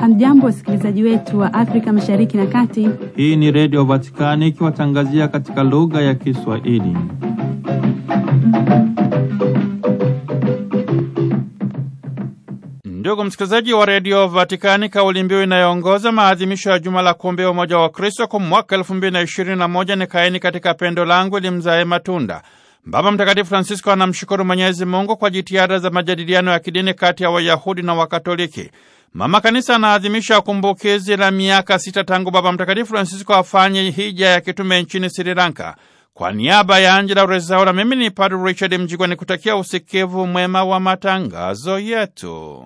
Hamjambo, wasikilizaji wetu wa Afrika Mashariki na Kati. Hii ni Redio Vatikani ikiwatangazia katika lugha ya Kiswahili. Ndugu msikilizaji wa Redio Vatikani, kauli mbiu inayoongoza maadhimisho ya juma la kuombea umoja wa Kristo kwa mwaka elfu mbili na ishirini na moja ni kaeni katika pendo langu ili mzae matunda. Baba Mtakatifu Francisco anamshukuru Mwenyezi Mungu kwa jitihada za majadiliano ya kidini kati ya Wayahudi na Wakatoliki. Mama Kanisa anaadhimisha kumbukizi la miaka sita tangu Baba Mtakatifu Francisco afanye hija ya kitume nchini Sri Lanka. Kwa niaba ya Angela Rezaula, mimi ni Padre Richard Mjigwa ni kutakia usikivu mwema wa matangazo yetu.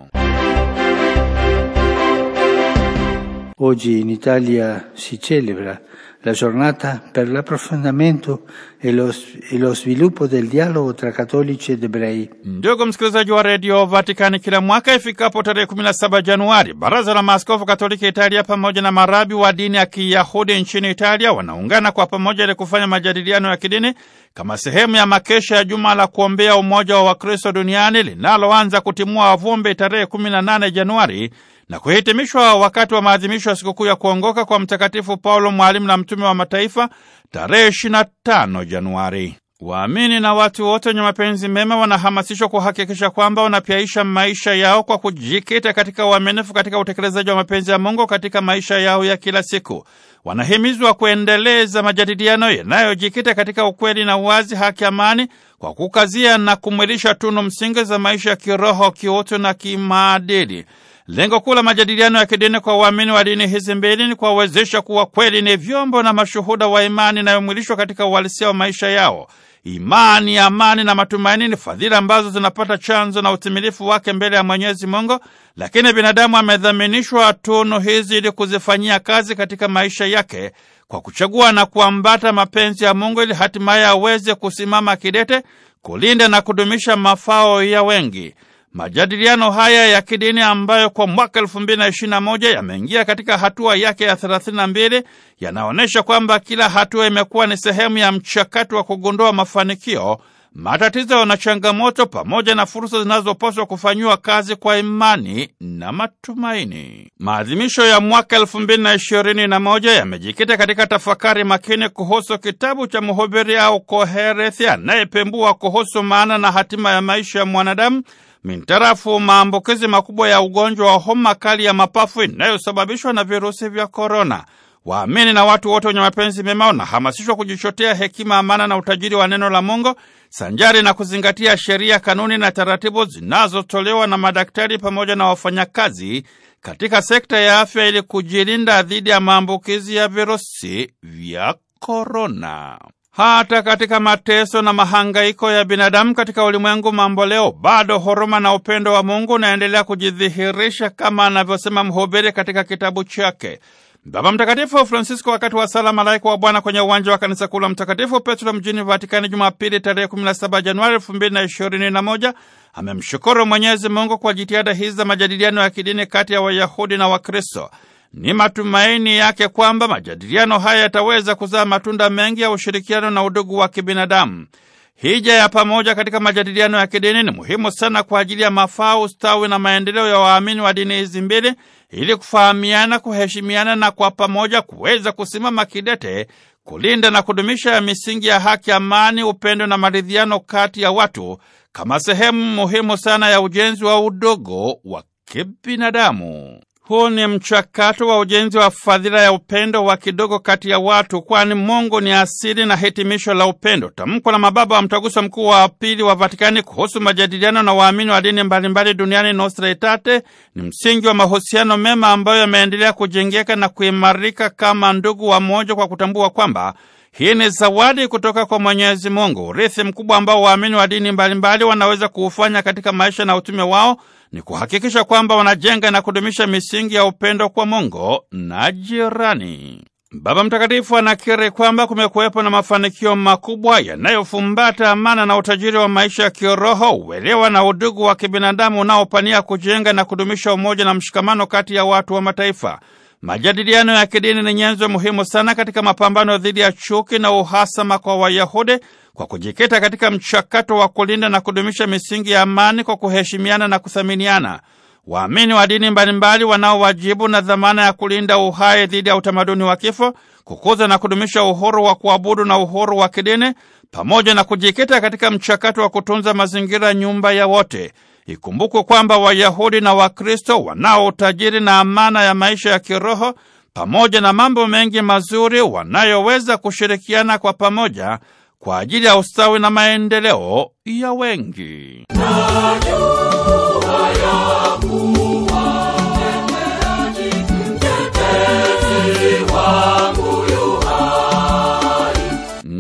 Oggi in Italia si celebra la giornata per l'approfondimento e lo, e lo sviluppo del dialogo tra cattolici ed ebrei. Mm. Ndugu msikilizaji wa redio Vatikani, kila mwaka ifikapo tarehe 17 Januari, baraza la maaskofu katoliki Italia pamoja na marabi wa dini ya Kiyahudi nchini Italia wanaungana kwa pamoja ili kufanya majadiliano ya kidini kama sehemu ya makesha ya juma la kuombea umoja wa Wakristo duniani linaloanza kutimua vumbi tarehe 18 Januari na kuhitimishwa wakati wa maadhimisho ya sikukuu ya kuongoka kwa Mtakatifu Paulo mwalimu na mtume wa mataifa tarehe 25 Januari. Waamini na watu wote wenye mapenzi mema wanahamasishwa kuhakikisha kwamba wanapyaisha maisha yao kwa kujikita katika uaminifu katika utekelezaji wa mapenzi ya Mungu katika maisha yao ya kila siku. Wanahimizwa kuendeleza majadiliano yanayojikita katika ukweli na uwazi, haki, amani, kwa kukazia na kumwilisha tunu msingi za maisha ya kiroho, kiutu na kimaadili. Lengo kuu la majadiliano ya kidini kwa waamini wa dini hizi mbili ni kuwawezesha kuwa kweli ni vyombo na mashuhuda wa imani inayomwilishwa katika uhalisia wa maisha yao. Imani, amani na matumaini ni fadhila ambazo zinapata chanzo na utimilifu wake mbele ya Mwenyezi Mungu, lakini binadamu amedhaminishwa tunu hizi ili kuzifanyia kazi katika maisha yake kwa kuchagua na kuambata mapenzi ya Mungu ili hatimaye aweze kusimama kidete kulinda na kudumisha mafao ya wengi. Majadiliano haya ya kidini ambayo kwa mwaka 2021 yameingia katika hatua yake ya 32 yanaonyesha kwamba kila hatua imekuwa ni sehemu ya mchakato wa kugondoa mafanikio matatizo na changamoto pamoja na fursa zinazopaswa kufanyiwa kazi kwa imani na matumaini. Maadhimisho ya mwaka elfu mbili na ishirini na moja yamejikita katika tafakari makini kuhusu kitabu cha mhubiri au koherethi anayepembua kuhusu maana na hatima ya maisha ya mwanadamu mintarafu maambukizi makubwa ya ugonjwa wa homa kali ya mapafu inayosababishwa na virusi vya korona. Waamini na watu wote wenye mapenzi mema wanahamasishwa kujichotea hekima, amana na utajiri wa neno la Mungu sanjari na kuzingatia sheria, kanuni na taratibu zinazotolewa na madaktari pamoja na wafanyakazi katika sekta ya afya ili kujilinda dhidi ya maambukizi ya virusi vya korona. Hata katika mateso na mahangaiko ya binadamu katika ulimwengu mamboleo, bado huruma na upendo wa Mungu unaendelea kujidhihirisha kama anavyosema mhubiri katika kitabu chake. Baba Mtakatifu Francisco wakati wa sala malaika wa Bwana kwenye uwanja wa kanisa kuu la Mtakatifu Petro mjini Vatikani Jumapili tarehe 17 Januari 2021 amemshukuru Mwenyezi Mungu kwa jitihada hizi za majadiliano ya kidini kati ya Wayahudi na Wakristo. Ni matumaini yake kwamba majadiliano haya yataweza kuzaa matunda mengi ya ushirikiano na udugu wa kibinadamu. Hija ya pamoja katika majadiliano ya kidini ni muhimu sana kwa ajili ya mafaa, ustawi na maendeleo ya waamini wa dini hizi mbili, ili kufahamiana, kuheshimiana na kwa pamoja kuweza kusimama kidete kulinda na kudumisha misingi ya haki, amani, upendo na maridhiano kati ya watu kama sehemu muhimu sana ya ujenzi wa udogo wa kibinadamu. Huu ni mchakato wa ujenzi wa fadhila ya upendo wa kidogo kati ya watu, kwani Mungu ni asili na hitimisho la upendo. Tamko la mababa wa Mtaguso Mkuu wa Pili wa Vatikani kuhusu majadiliano na waamini wa dini mbalimbali duniani, Nostra Aetate, ni msingi wa mahusiano mema ambayo yameendelea kujengeka na kuimarika kama ndugu wa moja, kwa kutambua kwamba hii ni zawadi kutoka kwa Mwenyezi Mungu. Urithi mkubwa ambao waamini wa dini mbalimbali wanaweza kuufanya katika maisha na utume wao ni kuhakikisha kwamba wanajenga na kudumisha misingi ya upendo kwa Mungu na jirani. Baba Mtakatifu anakiri kwamba kumekuwepo na mafanikio makubwa yanayofumbata amana na utajiri wa maisha ya kiroho, uelewa na udugu wa kibinadamu unaopania kujenga na kudumisha umoja na mshikamano kati ya watu wa mataifa. Majadiliano ya kidini ni nyenzo muhimu sana katika mapambano dhidi ya chuki na uhasama kwa Wayahudi kwa kujikita katika mchakato wa kulinda na kudumisha misingi ya amani kwa kuheshimiana na kuthaminiana. Waamini wa dini mbalimbali wanao wajibu na dhamana ya kulinda uhai dhidi ya utamaduni wa kifo, kukuza na kudumisha uhuru wa kuabudu na uhuru wa kidini, pamoja na kujikita katika mchakato wa kutunza mazingira, nyumba ya wote. Ikumbukwe kwamba Wayahudi na Wakristo wanao utajiri na amana ya maisha ya kiroho pamoja na mambo mengi mazuri wanayoweza kushirikiana kwa pamoja kwa ajili ya ustawi na maendeleo ya wengi.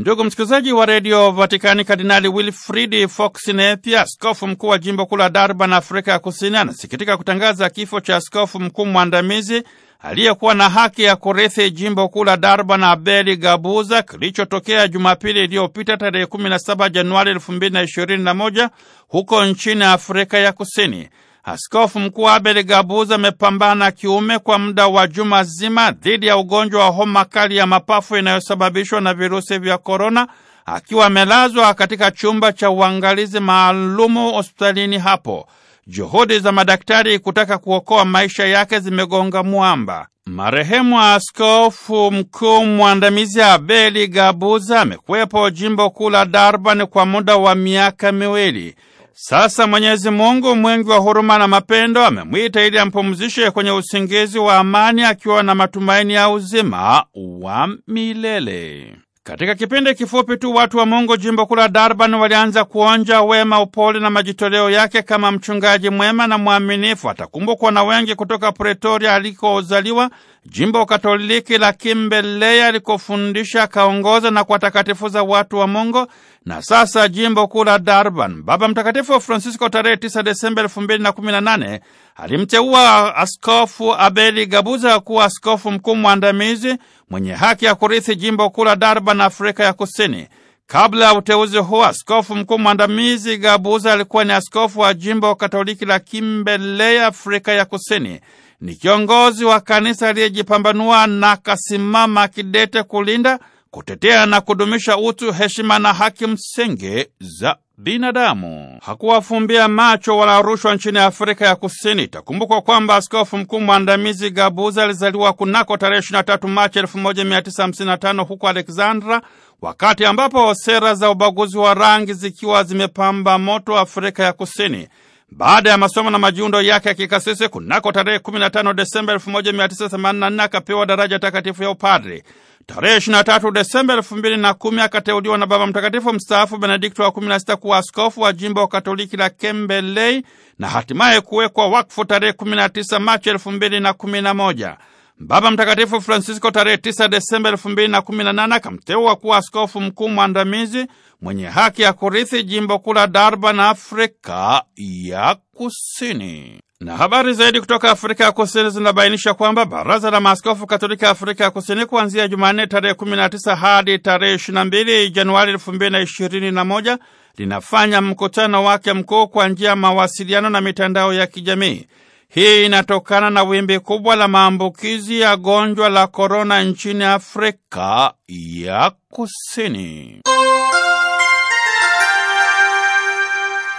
Ndugu msikilizaji wa redio Vatikani, Kardinali Wilfridi Fox Nepia, askofu mkuu wa jimbo kuu la na Afrika ya Kusini, anasikitika kutangaza kifo cha askofu mkuu mwandamizi aliyekuwa na haki ya kurithi jimbo kuu la na Abeli Gabuza, kilichotokea Jumapili iliyopita tarehe 17 Januari 2021 huko nchini Afrika ya Kusini. Askofu mkuu Abel Gabuza amepambana kiume kwa muda wa juma zima dhidi ya ugonjwa wa homa kali ya mapafu inayosababishwa na virusi vya korona, akiwa amelazwa katika chumba cha uangalizi maalumu hospitalini hapo. Juhudi za madaktari kutaka kuokoa maisha yake zimegonga mwamba. Marehemu askofu mkuu mwandamizi Abeli Gabuza amekwepo jimbo kuu la Darban kwa muda wa miaka miwili. Sasa Mwenyezi Mungu mwingi wa huruma na mapendo amemwita ili ampumzishe kwenye usingizi wa amani akiwa na matumaini ya uzima wa milele. Katika kipindi kifupi tu watu wa Mungu jimbo kula Darban walianza kuonja wema, upole na majitoleo yake. Kama mchungaji mwema na mwaminifu, atakumbukwa na wengi kutoka Pretoria alikozaliwa, jimbo Katoliki la Kimbeleya alikofundisha, akaongoza na kuwatakatifuza watu wa Mungu na sasa jimbo kuu la Durban, Baba Mtakatifu Francisco tarehe 9 Desemba 2018 alimteua Askofu Abeli Gabuza kuwa askofu mkuu mwandamizi mwenye haki ya kurithi jimbo kuu la Durban, Afrika ya Kusini. Kabla ya uteuzi huo, askofu mkuu mwandamizi Gabuza alikuwa ni askofu wa jimbo Katoliki la Kimbelea, Afrika ya Kusini. Ni kiongozi wa kanisa aliyejipambanua na kasimama kidete kulinda kutetea na kudumisha utu, heshima na haki msingi za binadamu. Hakuwafumbia macho wala rushwa nchini Afrika ya Kusini. Itakumbukwa kwamba askofu mkuu mwandamizi Gabuza alizaliwa kunako tarehe 23 Machi 1955 huko Alexandra, wakati ambapo sera za ubaguzi wa rangi zikiwa zimepamba moto Afrika ya Kusini. Baada ya masomo na majiundo yake ya kikasisi kunako tarehe 15 Desemba 1984 akapewa daraja takatifu ya upadri. Tarehe 23 Desemba 2010 akateuliwa na Baba Mtakatifu mstaafu Benedikto wa 16 kuwa askofu wa jimbo wa Katoliki la Kembelei na hatimaye kuwekwa wakfu tarehe 19 Machi 2011. Baba Mtakatifu Francisco tarehe 9 Desemba 2018 akamteua kuwa askofu mkuu mwandamizi mwenye haki ya kurithi jimbo kuu la na Afrika ya Kusini. Na habari zaidi kutoka Afrika ya Kusini zinabainisha kwamba Baraza la Maaskofu Katolika Afrika ya Kusini kuanzia Jumanne tarehe 19 hadi tarehe 22 Januari 2021 linafanya mkutano wake mkuu kwa njia ya mawasiliano na mitandao ya kijamii. Hii inatokana na wimbi kubwa la maambukizi ya gonjwa la korona nchini Afrika ya Kusini.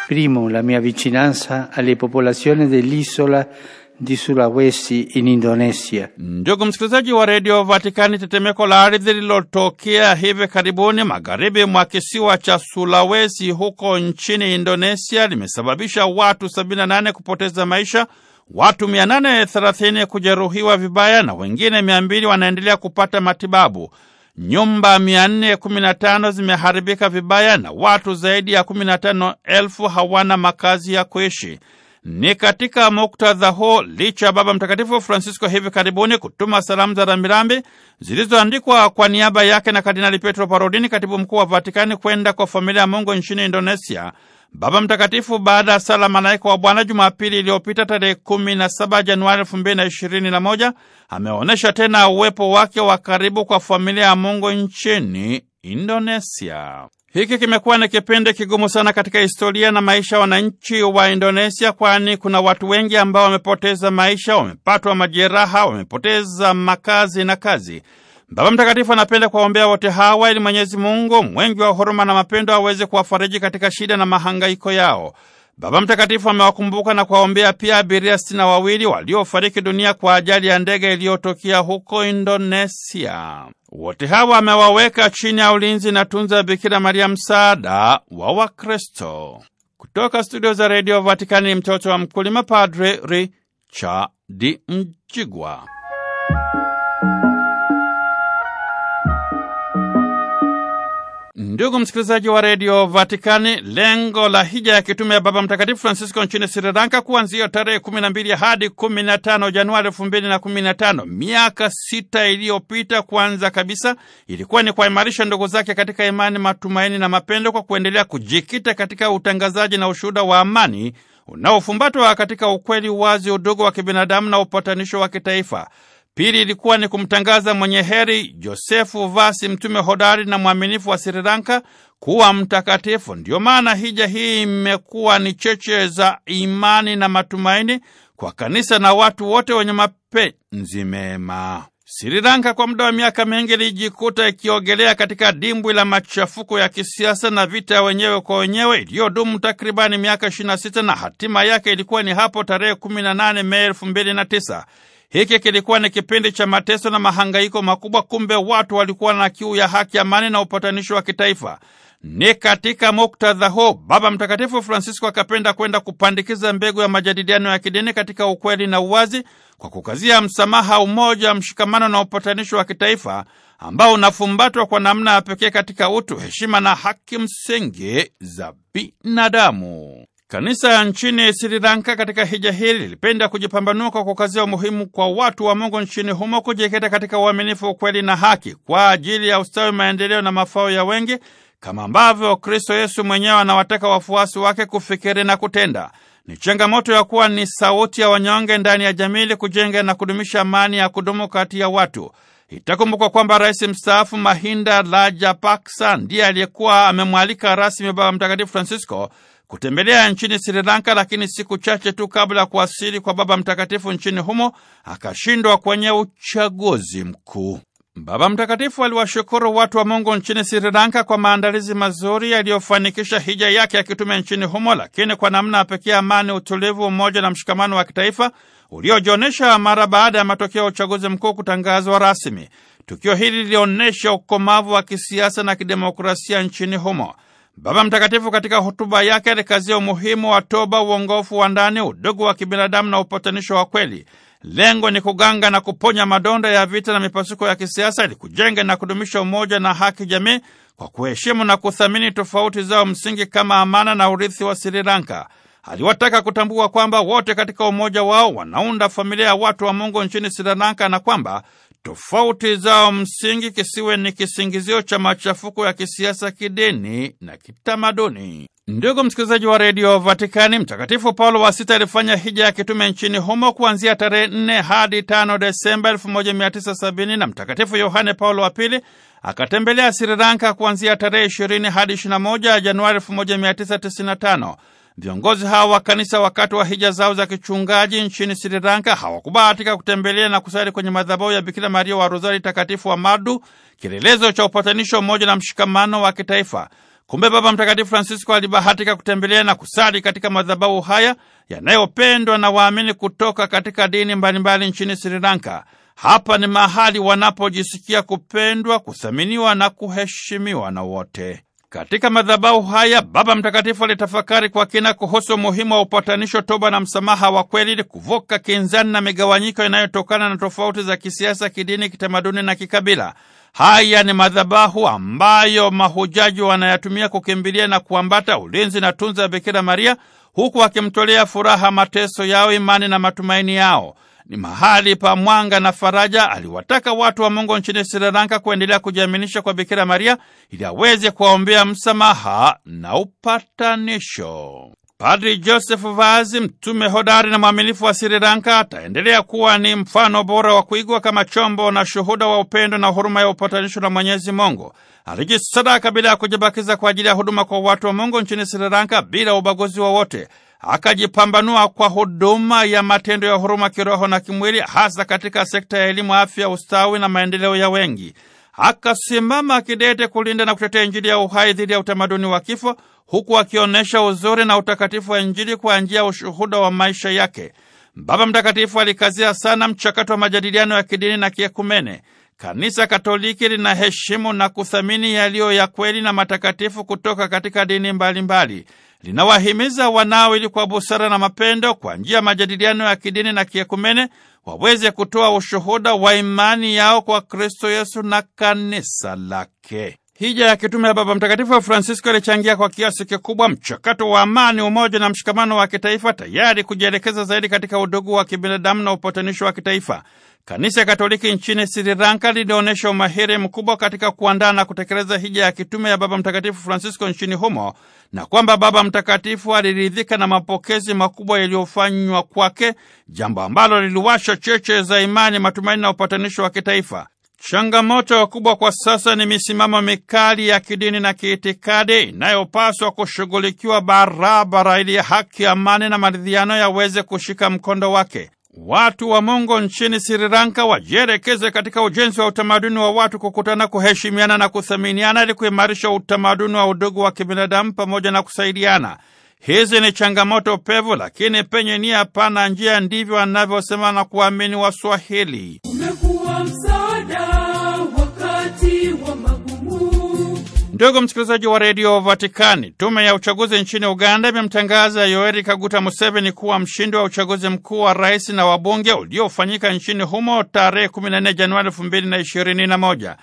Primo, la mia vicinanza alle popolazioni dell'isola di Sulawesi in Indonesia. Ndugu msikilizaji wa redio Vatikani, tetemeko la ardhi lililotokea hivi karibuni magharibi mwa kisiwa cha Sulawesi huko nchini Indonesia limesababisha watu 78 kupoteza maisha, watu 830 kujeruhiwa vibaya na wengine 200 wanaendelea kupata matibabu nyumba 415 zimeharibika vibaya na watu zaidi ya 15,000 hawana makazi ya kuishi. Ni katika muktadha huu licha ya Baba Mtakatifu Francisco hivi karibuni kutuma salamu za rambirambi zilizoandikwa kwa niaba yake na Kardinali Petro Parolin, katibu mkuu wa Vatikani, kwenda kwa familia ya Mungu nchini Indonesia Baba Mtakatifu baada ya sala malaika wa Bwana Jumapili iliyopita tarehe 17 Januari 2021 ameonyesha tena uwepo wake wa karibu kwa familia ya Mungu nchini Indonesia. Hiki kimekuwa ni kipindi kigumu sana katika historia na maisha ya wananchi wa Indonesia, kwani kuna watu wengi ambao wamepoteza maisha, wamepatwa majeraha, wamepoteza makazi na kazi. Baba Mtakatifu anapenda kuwaombea wote hawa ili Mwenyezi Mungu mwengi wa huruma na mapendo aweze kuwafariji katika shida na mahangaiko yao. Baba Mtakatifu amewakumbuka na kuwaombea pia abiria sitini na wawili waliofariki dunia kwa ajali ya ndege iliyotokea huko Indonesia. Wote hawa amewaweka chini ya ulinzi na tunza Bikira Maria, msaada wa Wakristo. Kutoka studio za redio Vatikani, mtoto wa mkulima, Padre Richard Mjigwa. Ndugu msikilizaji wa redio Vatikani, lengo la hija ya kitume ya Baba Mtakatifu Francisco nchini Sri Lanka kuanzia tarehe 12 hadi 15 Januari 215 miaka sita iliyopita, kwanza kabisa ilikuwa ni kuimarisha ndugu zake katika imani, matumaini na mapendo kwa kuendelea kujikita katika utangazaji na ushuhuda wa amani unaofumbatwa katika ukweli, wazi, udugu wa kibinadamu na upatanisho wa kitaifa. Pili ilikuwa ni kumtangaza mwenye heri Josefu Vasi, mtume hodari na mwaminifu wa Sri Lanka kuwa mtakatifu. Ndiyo maana hija hii imekuwa ni cheche za imani na matumaini kwa kanisa na watu wote wenye mapenzi mema. Sri Lanka kwa muda wa miaka mingi ilijikuta ikiogelea katika dimbwi la machafuko ya kisiasa na vita wenyewe kwa wenyewe iliyodumu takribani miaka 26 na hatima yake ilikuwa ni hapo tarehe 18 Mei 2009. Hiki kilikuwa ni kipindi cha mateso na mahangaiko makubwa, kumbe watu walikuwa na kiu ya haki, amani na upatanisho wa kitaifa. Ni katika muktadha huu Baba Mtakatifu Francisco akapenda kwenda kupandikiza mbegu ya majadiliano ya kidini katika ukweli na uwazi, kwa kukazia msamaha, umoja, mshikamano na upatanisho wa kitaifa ambao unafumbatwa kwa namna ya pekee katika utu, heshima na haki msingi za binadamu. Kanisa nchini Sri Lanka katika hija hili lilipenda kujipambanua kwa kukazia umuhimu kwa watu wa Mungu nchini humo kujikita katika uaminifu, ukweli na haki kwa ajili ya ustawi, maendeleo na mafao ya wengi, kama ambavyo Kristo Yesu mwenyewe anawataka wafuasi wake kufikiri na kutenda. Ni changamoto ya kuwa ni sauti ya wanyonge ndani ya jamii ili kujenga na kudumisha amani ya kudumu kati ya watu. Itakumbukwa kwamba rais mstaafu Mahinda Rajapaksa ndiye aliyekuwa amemwalika rasmi Baba Mtakatifu Francisco kutembelea nchini Sri Lanka, lakini siku chache tu kabla ya kuasili kwa Baba Mtakatifu nchini humo akashindwa kwenye uchaguzi mkuu. Baba Mtakatifu aliwashukuru watu wa Mungu nchini Sri Lanka kwa maandalizi mazuri yaliyofanikisha hija yake ya kitume nchini humo, lakini kwa namna ya pekee amani, utulivu, umoja na mshikamano wa kitaifa uliojionyesha mara baada ya matokeo ya uchaguzi mkuu kutangazwa rasmi. Tukio hili lilionyesha ukomavu wa kisiasa na kidemokrasia nchini humo. Baba Mtakatifu katika hotuba yake alikazia umuhimu wa toba, uongofu wa ndani, udugu wa kibinadamu na upatanisho wa kweli. Lengo ni kuganga na kuponya madonda ya vita na mipasuko ya kisiasa ili kujenga na kudumisha umoja na haki jamii kwa kuheshimu na kuthamini tofauti zao msingi kama amana na urithi wa Sri Lanka. Aliwataka kutambua kwamba wote katika umoja wao wanaunda familia ya watu wa Mungu nchini Sri Lanka na kwamba tofauti zao msingi kisiwe ni kisingizio cha machafuko ya kisiasa, kidini na kitamaduni. Ndugu msikilizaji wa redio Vatikani, Mtakatifu Paulo wa Sita alifanya hija ya kitume nchini humo kuanzia tarehe 4 hadi tano Desemba sabini na Mtakatifu Yohane Paulo wa Pili akatembelea Sri Lanka kuanzia tarehe 20 hadi 21 Januari 1995. Viongozi hawa wa kanisa wakati wa hija zao za kichungaji nchini Sri Lanka hawakubahatika kutembelea na kusali kwenye madhabahu ya Bikira Maria wa Rozari Takatifu wa Madu, kielelezo cha upatanisho, mmoja na mshikamano wa kitaifa. Kumbe Baba Mtakatifu Francisco alibahatika kutembelea na kusali katika madhabahu haya yanayopendwa na waamini kutoka katika dini mbalimbali nchini Sri Lanka. Hapa ni mahali wanapojisikia kupendwa, kuthaminiwa na kuheshimiwa na wote. Katika madhabahu haya Baba Mtakatifu alitafakari kwa kina kuhusu umuhimu wa upatanisho, toba na msamaha wa kweli ili kuvuka kinzani na migawanyiko inayotokana na tofauti za kisiasa, kidini, kitamaduni na kikabila. Haya ni madhabahu ambayo mahujaji wanayatumia kukimbilia na kuambata ulinzi na tunza ya Bikira Maria, huku akimtolea furaha mateso yao, imani na matumaini yao ni mahali pa mwanga na faraja. Aliwataka watu wa Mungu nchini Sri Lanka kuendelea kujiaminisha kwa Bikira Maria ili aweze kuwaombea msamaha na upatanisho. Padri Joseph Vazi, mtume hodari na mwaminifu wa Sri Lanka, ataendelea kuwa ni mfano bora wa kuigwa kama chombo na shuhuda wa upendo na huruma ya upatanisho na Mwenyezi Mungu. Alijisadaka bila ya kujibakiza kwa ajili ya huduma kwa watu wa Mungu nchini Sri Lanka bila ubaguzi wowote akajipambanua kwa huduma ya matendo ya huruma kiroho na kimwili, hasa katika sekta ya elimu, afya, ustawi na maendeleo ya wengi. Akasimama kidete kulinda na kutetea Injili ya uhai dhidi ya utamaduni wa kifo, huku akionyesha uzuri na utakatifu wa Injili kwa njia ya ushuhuda wa maisha yake. Baba Mtakatifu alikazia sana mchakato wa majadiliano ya kidini na kiekumene. Kanisa Katoliki linaheshimu na kuthamini yaliyo ya kweli na matakatifu kutoka katika dini mbalimbali mbali linawahimiza wanawe ili kwa busara na mapendo, kwa njia ya majadiliano ya kidini na kiekumene, waweze kutoa ushuhuda wa imani yao kwa Kristo Yesu na kanisa lake. Hija ya kitume ya Baba Mtakatifu Francisco ilichangia kwa kiasi kikubwa mchakato wa amani, umoja na mshikamano wa kitaifa, tayari kujielekeza zaidi katika udugu wa kibinadamu na upatanisho wa kitaifa. Kanisa Katoliki nchini Sri Lanka lilionyesha umahiri mkubwa katika kuandaa na kutekeleza hija ya kitume ya Baba Mtakatifu Francisco nchini humo na kwamba Baba Mtakatifu aliridhika na mapokezi makubwa yaliyofanywa kwake, jambo ambalo liliwasha cheche za imani, matumaini na upatanisho wa kitaifa. Changamoto kubwa kwa sasa ni misimamo mikali ya kidini na kiitikadi inayopaswa kushughulikiwa barabara ili haki, amani na maridhiano yaweze kushika mkondo wake. Watu wa Mungu nchini Sri Lanka wajielekeze katika ujenzi wa utamaduni wa watu kukutana, kuheshimiana na kuthaminiana ili kuimarisha utamaduni wa udugu wa kibinadamu pamoja na kusaidiana. Hizi ni changamoto pevu, lakini penye nia pana njia, ndivyo anavyosema na kuamini Waswahili. Ndugu msikilizaji wa redio Vatikani, tume ya uchaguzi nchini Uganda imemtangaza Yoweri Kaguta Museveni kuwa mshindi wa uchaguzi mkuu wa rais na wabunge uliofanyika nchini humo tarehe 14 Januari 2021.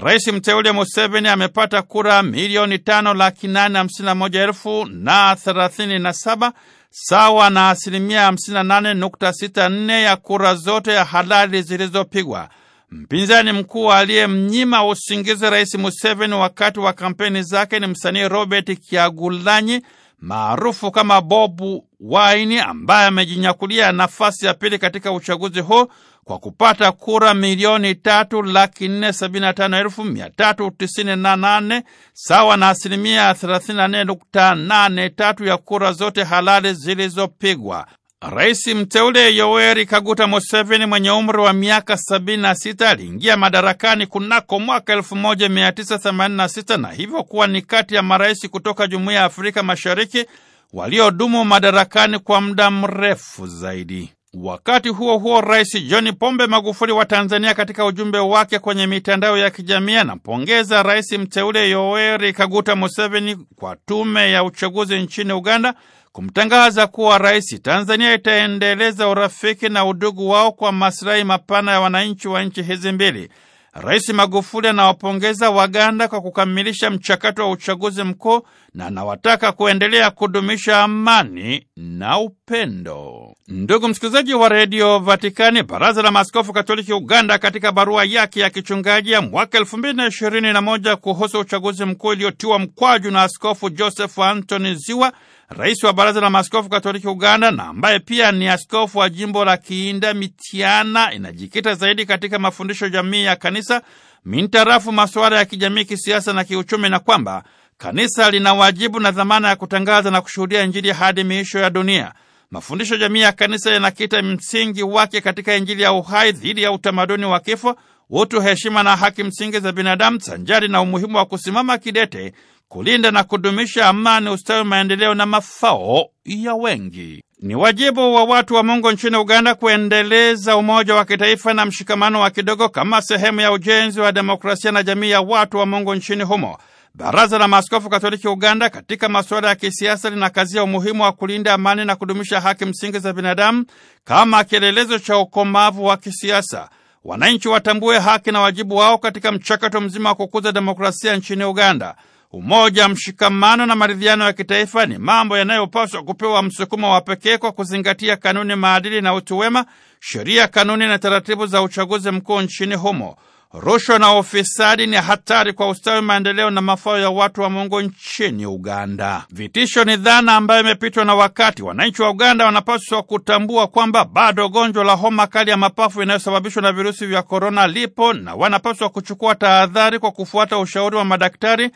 Rais mteule Museveni amepata kura milioni tano laki hamsini na moja elfu na thelathini na saba sawa na asilimia 58.64 ya kura zote ya halali zilizopigwa. Mpinzani mkuu aliyemnyima usingizi Rais Museveni wakati wa kampeni zake ni msanii Robert Kyagulanyi maarufu kama Bobu waini ambaye amejinyakulia nafasi ya pili katika uchaguzi huu kwa kupata kura milioni tatu laki nne sabini na tano elfu mia tatu tisini na nane sawa na asilimia thelathini na nne nukta nane tatu ya kura zote halali zilizopigwa. Rais mteule Yoweri Kaguta Museveni mwenye umri wa miaka 76 aliingia madarakani kunako mwaka 1986 na hivyo kuwa ni kati ya marais kutoka Jumuiya ya Afrika Mashariki waliodumu madarakani kwa muda mrefu zaidi. Wakati huo huo, Rais John Pombe Magufuli wa Tanzania katika ujumbe wake kwenye mitandao ya kijamii anampongeza Rais mteule Yoweri Kaguta Museveni kwa tume ya uchaguzi nchini Uganda kumtangaza kuwa rais. Tanzania itaendeleza urafiki na udugu wao kwa masilahi mapana ya wananchi wa nchi hizi mbili. Rais Magufuli anawapongeza Waganda kwa kukamilisha mchakato wa uchaguzi mkuu na anawataka kuendelea kudumisha amani na upendo. Ndugu msikilizaji wa redio Vatikani, baraza la maaskofu katoliki Uganda katika barua yake ya kichungaji ya mwaka elfu mbili na ishirini na moja kuhusu uchaguzi mkuu iliyotiwa mkwaju na askofu Joseph Anthony Ziwa rais wa Baraza la Maaskofu Katoliki Uganda na ambaye pia ni askofu wa jimbo la Kiinda Mitiana, inajikita zaidi katika mafundisho jamii ya kanisa mintarafu masuala ya kijamii, kisiasa na kiuchumi, na kwamba kanisa lina wajibu na dhamana ya kutangaza na kushuhudia Injili hadi miisho ya dunia. Mafundisho jamii ya kanisa yanakita msingi wake katika Injili ya uhai dhidi ya utamaduni wa kifo, utu, heshima na haki msingi za binadamu, sanjari na umuhimu wa kusimama kidete kulinda na kudumisha amani, ustawi, maendeleo na mafao ya wengi. Ni wajibu wa watu wa Mungu nchini Uganda kuendeleza umoja wa kitaifa na mshikamano wa kidogo kama sehemu ya ujenzi wa demokrasia na jamii ya watu wa Mungu nchini humo. Baraza la Maaskofu Katoliki Uganda katika masuala ya kisiasa linakazia umuhimu wa kulinda amani na kudumisha haki msingi za binadamu kama kielelezo cha ukomavu wa kisiasa. Wananchi watambue haki na wajibu wao katika mchakato mzima wa kukuza demokrasia nchini Uganda. Umoja, mshikamano na maridhiano ya kitaifa ni mambo yanayopaswa kupewa msukumo wa pekee kwa kuzingatia kanuni, maadili na utu wema, sheria, kanuni na taratibu za uchaguzi mkuu nchini humo. Rushwa na ufisadi ni hatari kwa ustawi, maendeleo na mafao ya watu wa Mungu nchini Uganda. Vitisho ni dhana ambayo imepitwa na wakati. Wananchi wa Uganda wanapaswa kutambua kwamba bado gonjwa la homa kali ya mapafu inayosababishwa na virusi vya korona lipo na wanapaswa kuchukua tahadhari kwa kufuata ushauri wa madaktari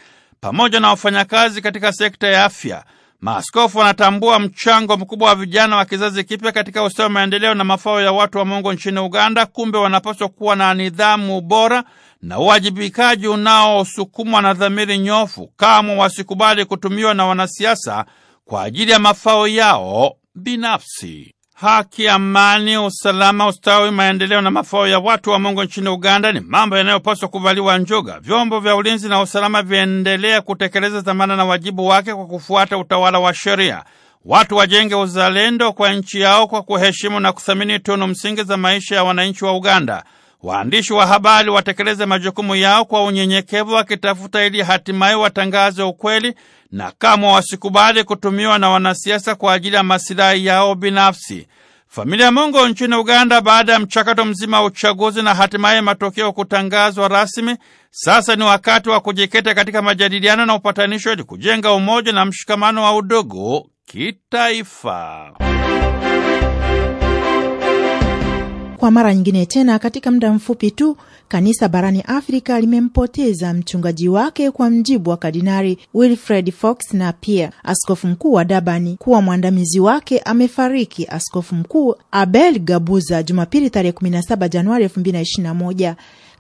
pamoja na wafanyakazi katika sekta ya afya. Maaskofu wanatambua mchango mkubwa wa vijana wa kizazi kipya katika ustawi, maendeleo na mafao ya watu wa Mungu nchini Uganda. Kumbe wanapaswa kuwa na nidhamu bora na uwajibikaji unaosukumwa na dhamiri nyofu. Kamwe wasikubali kutumiwa na wanasiasa kwa ajili ya mafao yao binafsi haki, amani, usalama, ustawi, maendeleo na mafao ya watu wa Mungu nchini Uganda ni mambo yanayopaswa kuvaliwa njuga. Vyombo vya ulinzi na usalama viendelee kutekeleza dhamana na wajibu wake kwa kufuata utawala wa sheria. Watu wajenge uzalendo kwa nchi yao kwa kuheshimu na kuthamini tunu msingi za maisha ya wananchi wa Uganda waandishi wa habari watekeleze majukumu yao kwa unyenyekevu, wakitafuta ili hatimaye watangaze ukweli, na kamwe wasikubali kutumiwa na wanasiasa kwa ajili ya masilahi yao binafsi. Familia Mungu nchini Uganda, baada ya mchakato mzima wa uchaguzi na hatimaye matokeo kutangazwa rasmi, sasa ni wakati wa kujikita katika majadiliano na upatanisho ili kujenga umoja na mshikamano wa udugu kitaifa. Kwa mara nyingine tena, katika muda mfupi tu, kanisa barani Afrika limempoteza mchungaji wake, kwa mjibu wa Kardinari Wilfred Fox, na pia askofu mkuu wa Dabani kuwa mwandamizi wake amefariki, askofu mkuu Abel Gabuza, Jumapili tarehe 17 Januari 2021.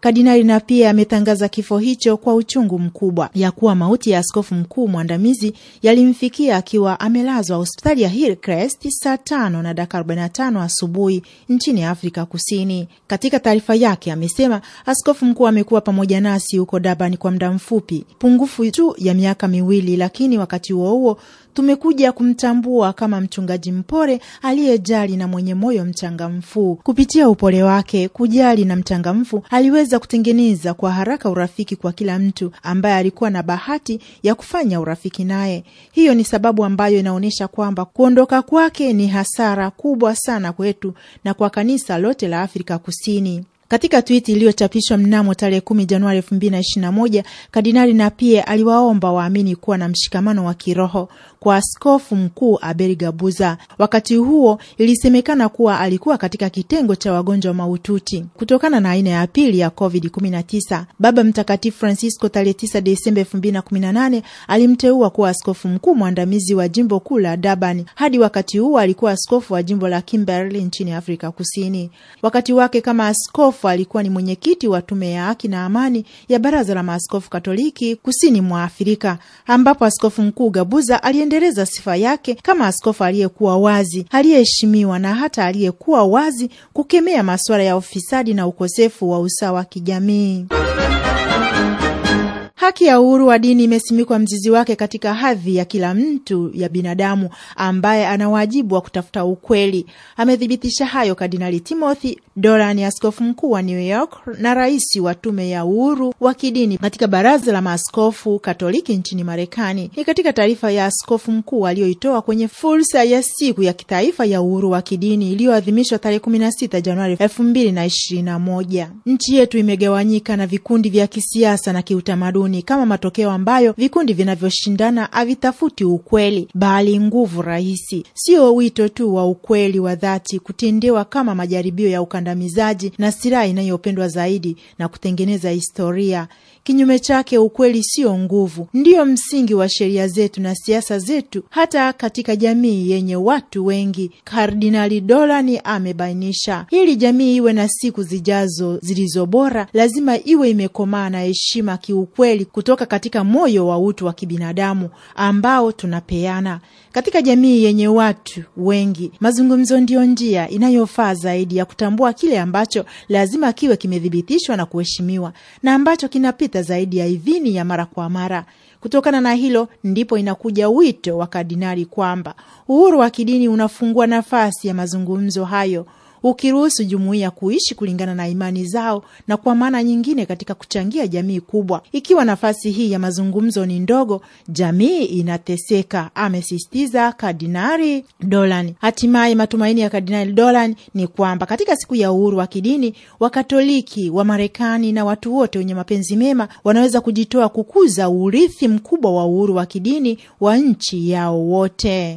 Kardinali na pia ametangaza kifo hicho kwa uchungu mkubwa, ya kuwa mauti ya askofu mkuu mwandamizi yalimfikia akiwa amelazwa hospitali ya Hillcrest saa tano na dakika 45 asubuhi nchini Afrika Kusini. Katika taarifa yake amesema askofu mkuu amekuwa pamoja nasi huko Durban kwa muda mfupi pungufu tu ya miaka miwili, lakini wakati huo huo tumekuja kumtambua kama mchungaji mpore aliyejali na mwenye moyo mchangamfu. Kupitia upole wake, kujali na mchangamfu, aliweza kutengeneza kwa haraka urafiki kwa kila mtu ambaye alikuwa na bahati ya kufanya urafiki naye. Hiyo ni sababu ambayo inaonyesha kwamba kuondoka kwake ni hasara kubwa sana kwetu na kwa kanisa lote la Afrika Kusini. Katika twiti iliyochapishwa mnamo tarehe kumi Januari elfu mbili na na moja, Kardinali Napie aliwaomba waamini kuwa na mshikamano wa kiroho kwa askofu mkuu Abel Gabuza. Wakati huo ilisemekana kuwa alikuwa katika kitengo cha wagonjwa mahututi kutokana na aina ya pili ya COVID-19. Baba Mtakatifu Francisco tarehe 9 Desemba 2018 alimteua kuwa askofu mkuu mwandamizi wa jimbo kuu la Durban. Hadi wakati huo alikuwa askofu wa jimbo la Kimberley nchini Afrika Kusini. Wakati wake kama askofu Askofu alikuwa ni mwenyekiti wa Tume ya Haki na Amani ya Baraza la Maaskofu Katoliki kusini mwa Afrika, ambapo Askofu Mkuu Gabuza aliendeleza sifa yake kama askofu aliyekuwa wazi, aliyeheshimiwa na hata aliyekuwa wazi kukemea masuala ya ufisadi na ukosefu wa usawa wa kijamii. Haki ya uhuru wa dini imesimikwa mzizi wake katika hadhi ya kila mtu ya binadamu ambaye ana wajibu wa kutafuta ukweli. Amethibitisha hayo Kardinali Timothy Dolan, askofu mkuu wa New York na rais wa tume ya uhuru wa kidini katika baraza la maaskofu Katoliki nchini Marekani. Ni katika taarifa ya askofu mkuu aliyoitoa kwenye fursa ya siku ya kitaifa ya uhuru wa kidini iliyoadhimishwa tarehe 16 Januari 2021. Nchi yetu imegawanyika na vikundi vya kisiasa na kiutamaduni maoni kama matokeo ambayo vikundi vinavyoshindana havitafuti ukweli bali nguvu rahisi. Sio wito tu wa ukweli wa dhati kutendewa kama majaribio ya ukandamizaji na silaha inayopendwa zaidi na kutengeneza historia Kinyume chake, ukweli siyo nguvu, ndiyo msingi wa sheria zetu na siasa zetu, hata katika jamii yenye watu wengi. Kardinali Dolani amebainisha ili jamii iwe na siku zijazo zilizo bora, lazima iwe imekomaa na heshima kiukweli, kutoka katika moyo wa utu wa kibinadamu ambao tunapeana katika jamii yenye watu wengi. Mazungumzo ndiyo njia inayofaa zaidi ya kutambua kile ambacho lazima kiwe kimethibitishwa na kuheshimiwa na ambacho kinapita kupita zaidi ya idhini ya mara kwa mara. Kutokana na hilo ndipo inakuja wito wa kardinali kwamba uhuru wa kidini unafungua nafasi ya mazungumzo hayo ukiruhusu jumuiya kuishi kulingana na imani zao, na kwa maana nyingine katika kuchangia jamii kubwa. Ikiwa nafasi hii ya mazungumzo ni ndogo, jamii inateseka, amesisitiza Kardinali Dolan. Hatimaye matumaini ya Kardinali Dolan ni kwamba katika siku ya uhuru wa kidini, Wakatoliki wa Marekani na watu wote wenye mapenzi mema wanaweza kujitoa kukuza urithi mkubwa wa uhuru wa kidini wa nchi yao wote.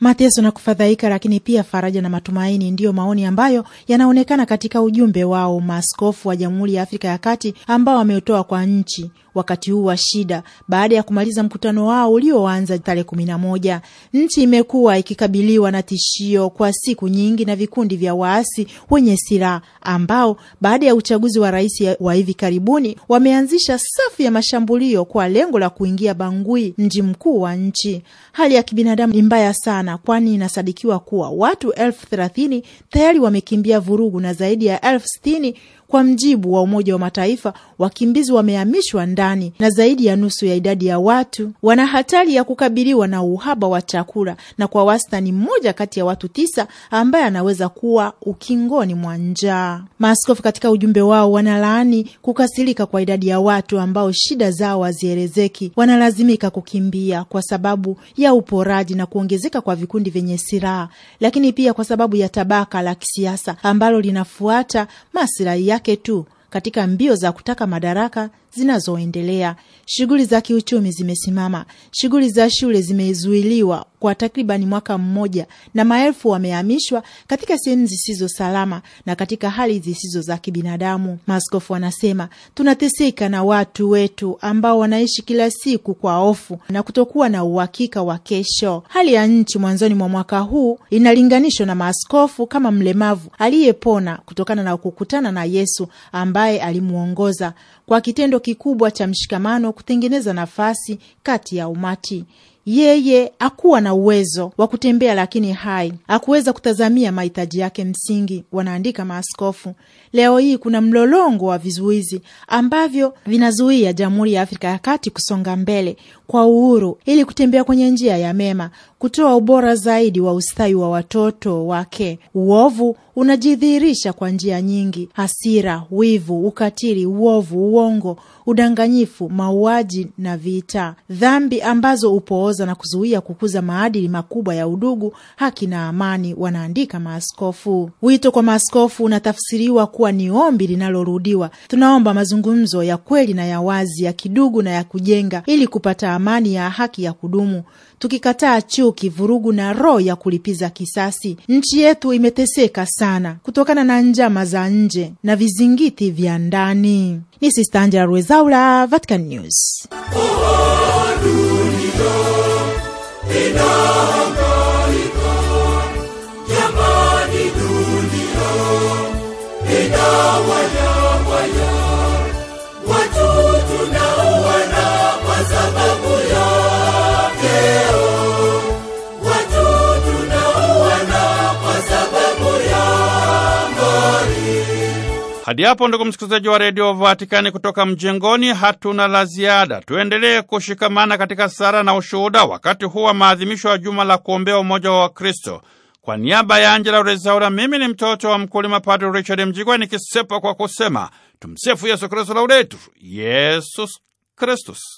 mateso na kufadhaika, lakini pia faraja na matumaini, ndiyo maoni ambayo yanaonekana katika ujumbe wao maaskofu wa Jamhuri ya Afrika ya Kati ambao wameutoa kwa nchi wakati huu wa shida, baada ya kumaliza mkutano wao ulioanza tarehe kumi na moja. Nchi imekuwa ikikabiliwa na tishio kwa siku nyingi na vikundi vya waasi wenye silaha ambao baada ya uchaguzi wa rais wa hivi karibuni wameanzisha safu ya mashambulio kwa lengo la kuingia Bangui, mji mkuu wa nchi. Hali ya kibinadamu ni mbaya sana, kwani inasadikiwa kuwa watu elfu thelathini tayari wamekimbia vurugu na zaidi ya elfu sitini kwa mjibu wa Umoja wa Mataifa, wakimbizi wamehamishwa ndani na zaidi ya nusu ya idadi ya watu wana hatari ya kukabiliwa na uhaba wa chakula, na kwa wastani mmoja kati ya watu tisa ambaye anaweza kuwa ukingoni mwa njaa. Maaskofu katika ujumbe wao wanalaani kukasirika kwa idadi ya watu ambao shida zao hazielezeki, wanalazimika kukimbia kwa sababu ya uporaji na kuongezeka kwa vikundi vyenye silaha, lakini pia kwa sababu ya tabaka la kisiasa ambalo linafuata ya zake tu katika mbio za kutaka madaraka zinazoendelea. Shughuli za kiuchumi zimesimama, shughuli za shule zimezuiliwa kwa takribani mwaka mmoja, na maelfu wamehamishwa katika sehemu zisizo salama na katika hali zisizo za kibinadamu. Maaskofu wanasema tunateseka na watu wetu ambao wanaishi kila siku kwa hofu na kutokuwa na uhakika wa kesho. Hali ya nchi mwanzoni mwa mwaka huu inalinganishwa na maaskofu kama mlemavu aliyepona kutokana na kukutana na Yesu ambaye alimuongoza kwa kitendo kikubwa cha mshikamano kutengeneza nafasi kati ya umati. Yeye hakuwa na uwezo wa kutembea, lakini hai hakuweza kutazamia mahitaji yake msingi, wanaandika maaskofu. Leo hii kuna mlolongo wa vizuizi ambavyo vinazuia Jamhuri ya Afrika ya Kati kusonga mbele kwa uhuru ili kutembea kwenye njia ya mema, kutoa ubora zaidi wa ustawi wa watoto wake. Uovu unajidhihirisha kwa njia nyingi: hasira, wivu, ukatili, uovu, uongo, udanganyifu, mauaji na vita, dhambi ambazo upooza na kuzuia kukuza maadili makubwa ya udugu, haki na amani, wanaandika maaskofu. Wito kwa maaskofu unatafsiriwa kuwa ni ombi linalorudiwa: tunaomba mazungumzo ya kweli na ya wazi, ya kidugu na ya kujenga, ili kupata amani ya haki ya kudumu, tukikataa chuki, vurugu na roho ya kulipiza kisasi. Nchi yetu imeteseka sana kutokana na njama za nje na vizingiti vya ndani. Ni Sista Angela Rwezaula, Vatican News. Hadi hapo ndugu msikilizaji wa redio Vatikani kutoka mjengoni, hatuna la ziada. Tuendelee kushikamana katika sara na ushuhuda wakati huu wa maadhimisho ya juma la kuombea umoja wa Wakristo. Kwa niaba ya Angela Rezaura, mimi ni mtoto wa mkulima Padre Richard Mjigwa nikisepa kwa kusema tumsifu Yesu Kristu, lauletu Yesus Kristus.